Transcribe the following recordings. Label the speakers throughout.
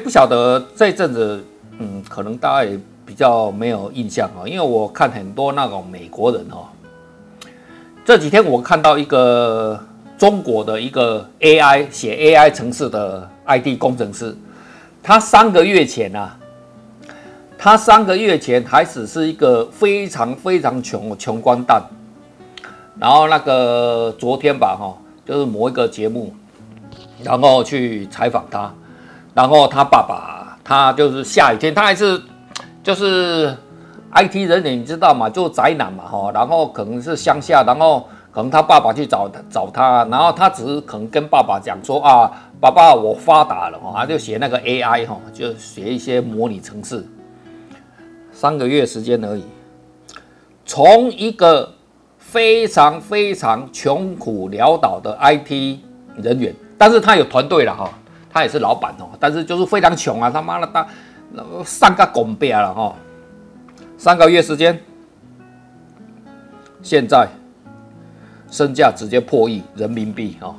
Speaker 1: 不曉得這陣子，嗯，可能大家也比較沒有印象啊，因為我看很多那種美國人哦，這幾天我看到一個中國的一個 AI 寫 AI 程式的 ID 工程師，他三個月前啊，他三個月前還只是一個非常非常窮窮光蛋，然後那個昨天吧哈，就是某一個節目，然後去採訪他。然後他爸爸，他就是下雨天，他還是就是 IT 人員，你知道嘛，就宅男嘛哈。然後可能是鄉下，然後可能他爸爸去找找他，然後他只是可能跟爸爸講說啊，爸爸，我發達了，他就寫那個 AI 哈，就學一些模擬程式，三個月時間而已，從一個非常非常窮苦潦倒的 IT 人員，但是他有團隊了哈。他也是老板哦，但是就是非常窮啊！他媽的，大上個拱背了哈，三個月時間，現在身價直接破億人民幣哈，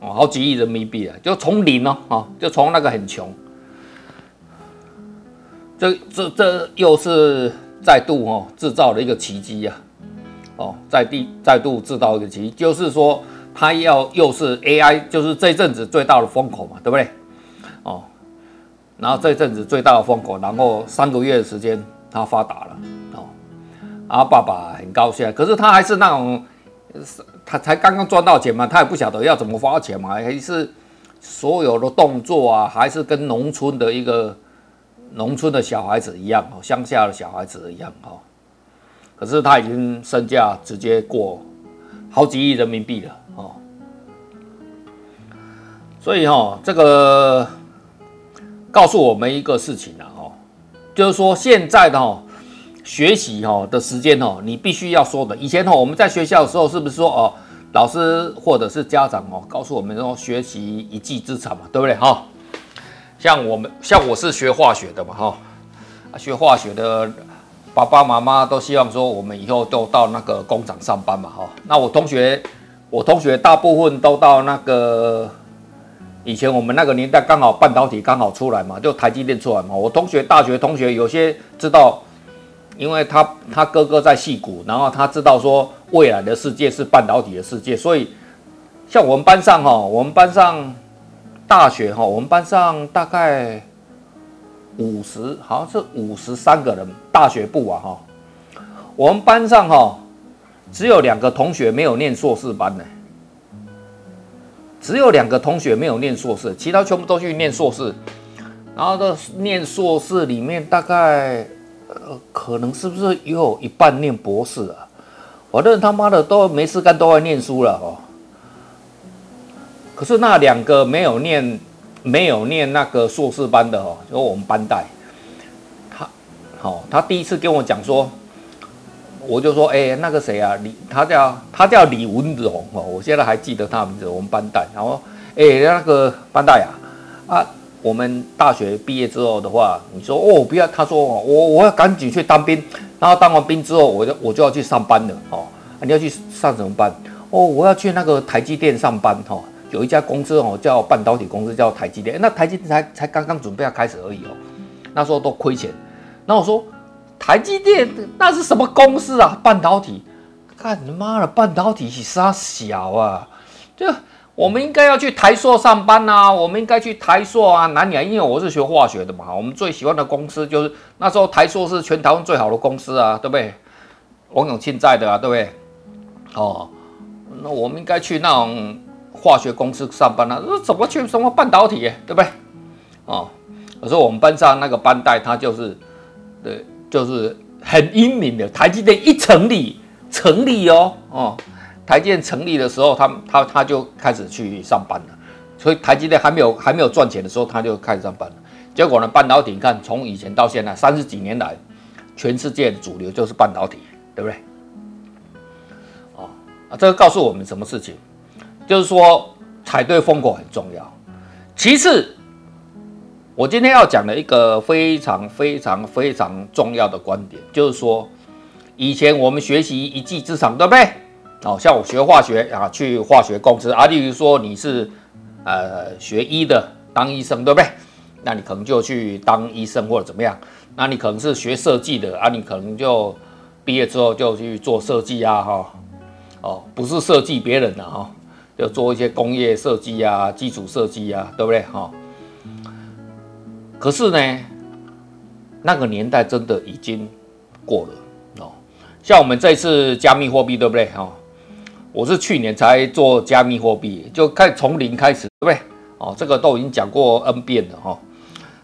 Speaker 1: 哦，好幾億人民幣啊，就從零哦，啊，就從那個很窮，這這這又是再度哦制造了一個奇蹟呀！哦，再第再度制造一個奇蹟，就是說。他要又是 AI，就是這陣子最大的風口嘛，對不對？哦，然後這陣子最大的風口，然後三個月的時間他發達了哦，啊，爸爸很高興，可是他還是那種，他才剛剛賺到錢嘛，他也不曉得要怎麼花錢嘛，還是所有的動作啊，還是跟農村的一個農村的小孩子一樣，鄉下的小孩子一樣哦。可是他已經身價直接過好幾億人民幣了。所以哈、哦，這個告訴我們一個事情啊，哈，就是說現在的學習哈的時間哦，你必須要說的。以前哈我們在學校的時候，是不是說哦老師或者是家長哦告訴我們說學習一技之長嘛，對不對哈？像我們像我是學化學的嘛哈，學化學的爸爸媽媽都希望說我們以後都到那個工廠上班嘛哈。那我同學我同學大部分都到那個。以前我們那個年代剛好半導體剛好出來嘛，就台積電出來嘛。我同學，大學同學有些知道，因為他他哥哥在矽谷，然後他知道說未來的世界是半導體的世界，所以像我們班上哈，我們班上大學哈，我們班上大概五十，好像是五十三個人大學部啊哈，我們班上哈只有兩個同學沒有念碩士班呢。只有兩個同學沒有念碩士，其他全部都去念碩士。然後到念碩士裡面，大概呃，可能是不是有一半念博士啊？反正他媽的都沒事幹，都愛念書了哦。可是那兩個沒有念、沒有念那個碩士班的哦，就我們班代，他好、哦，他第一次跟我講說。我就說，哎、欸，那個誰啊，李，他叫他叫李文榮哦，我現在還記得他名字，我們班代。然後說，哎、欸，那個班代呀，啊，啊，我們大學畢業之後的話，你說哦，不要，他說我我要趕緊去當兵，然後當完兵之後，我就我就要去上班了哦，啊。你要去上什麼班？哦，我要去那個台積電上班哦，有一家公司哦，叫半導體公司，叫台積電。那台積電才才剛剛準備要開始而已哦，那時候都虧錢。然後我說。台積電那是什麼公司啊？半導體，幹你媽的，半導體是殺小啊，就我們應該要去台塑上班啊，我們應該去台塑啊，南亞。因為我是學化學的嘛。我們最喜歡的公司就是那時候台塑是全台灣最好的公司啊，對不對？王永慶在的啊，對不對？哦，那我們應該去那種化學公司上班啊？那怎麼去什麼半導體、欸？對不對？哦，有時候我們班上那個班代，他就是對。就是很英明的，台積電一成立，成立哦，哦，台積電成立的時候，他他他就開始去上班了。所以台積電還沒有還沒有賺錢的時候，他就開始上班了。結果呢，半導體你看從以前到現在三十幾年來，全世界的主流就是半導體，對不對？啊、哦、啊，這個告訴我們什麼事情？就是說踩對風口很重要。其次。我今天要講的一個非常非常非常重要的觀點，就是說，以前我們學習一技之長，對不對？哦，像我學化學啊，去化學公司啊。例如說，你是呃學醫的，當醫生，對不對？那你可能就去當醫生或者怎麼樣？那你可能是學設計的啊，你可能就畢業之後就去做設計啊，哈。哦，不是設計別人的、啊、哈，就做一些工業設計啊、基礎設計啊，對不對？哈、哦。可是呢，那個年代真的已經過了哦。像我們這次加密貨幣，對不對哈？我是去年才做加密貨幣，就開從零開始，對不對？哦，這個都已經講過 N 遍了哈。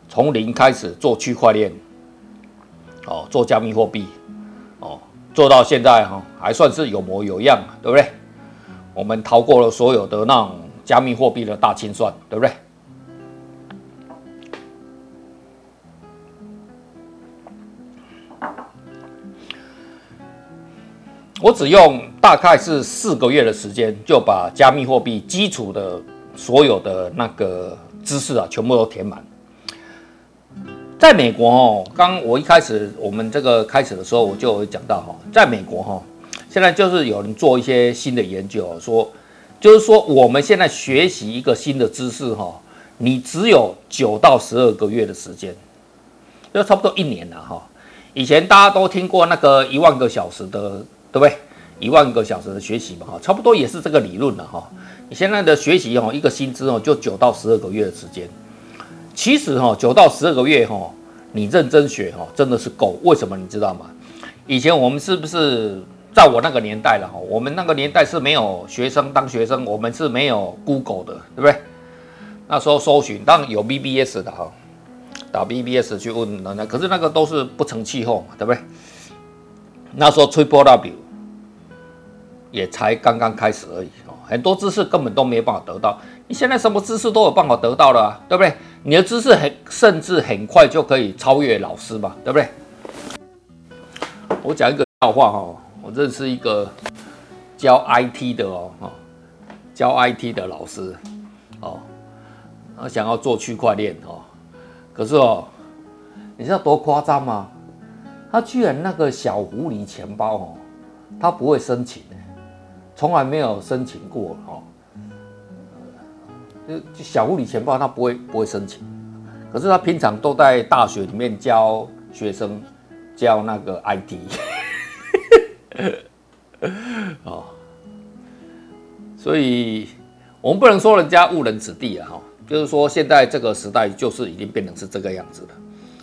Speaker 1: 從零開始做區塊鏈，哦，做加密貨幣，哦，做到現在哈，還算是有模有樣，對不對？我們逃過了所有的那種加密貨幣的大清算，對不對？我只用大概是四個月的時間，就把加密貨幣基礎的所有的那個知識啊，全部都填滿。在美國哦，剛我一開始我們這個開始的時候，我就有講到哈，在美國哈，現在就是有人做一些新的研究說，就是說我們現在學習一個新的知識哈，你只有九到十二個月的時間，就差不多一年了哈。以前大家都聽過那個一萬個小時的。對不對？一萬個小時的學習嘛，哈，差不多也是這個理論了，哈。你現在的學習，哈，一個新知哦，就九到十二個月的時間。其實，哈，九到十二個月，哈，你認真學，哈，真的是夠。為什麼你知道嗎？以前我們是不是在我那個年代了，哈？我們那個年代是沒有學生當學生，我們是沒有 Google 的，對不對？那時候搜尋當然有 BBS 的，哈，打 BBS 去問人家。可是那個都是不成氣候嘛，對不對？那時候 triple W。也才剛剛開始而已哦，很多知識根本都沒有辦法得到。你現在什麼知識都有辦法得到了啊，對不對？你的知識很甚至很快就可以超越老師嘛，對不對？我講一個笑話哦，我認識一個教 IT 的哦，教 IT 的老師哦，他想要做區塊鏈哦，可是哦，你知道多誇張嗎？他居然那個小狐狸錢包哦，他不會申請。從來沒有申請過哦，就就小物理錢包他不會不會申請，可是他平常都在大學裡面教學生教那個 IT，哦， 所以我們不能說人家誤人子弟啊哈，就是說現在這個時代就是已經變成是這個樣子了，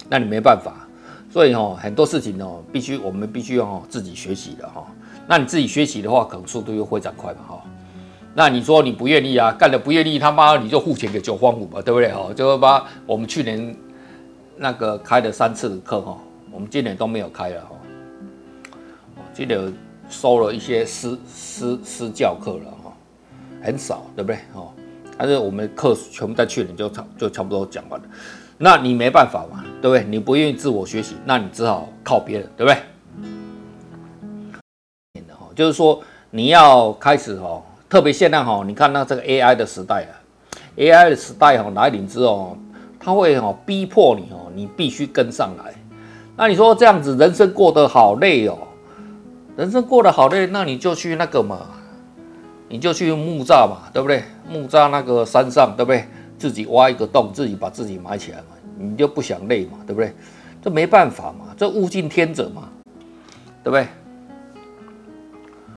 Speaker 1: 那你沒辦法。所以哈，很多事情哦，必須我們必須要自己學習的哈。那你自己學習的話，可能速度又非常快哈。那你說你不願意啊，幹的不願意他，他媽你就付錢給久方武嘛，對不對哈？就是把我們去年那個開了三次課哈，我們今年都沒有開了哈。今年收了一些私私私教課了哈，很少，對不對哈？但是我們課全部在去年就差就差不多講完了。那你沒辦法嘛，對不對？你不願意自我學習，那你只好靠別人，對不對？就是說你要開始哦，特別現在哦，你看到這個 AI 的時代啊，AI 的時代哦來臨之後，它會哦逼迫你哦，你必須跟上來。那你說這樣子人生過得好累哦，人生過得好累，那你就去那個嘛，你就去木柵嘛，對不對？木柵那個山上，對不對？自己挖一個洞，自己把自己埋起來嘛，你就不想累嘛，對不對？這沒辦法嘛，這物競天擇嘛，對不對？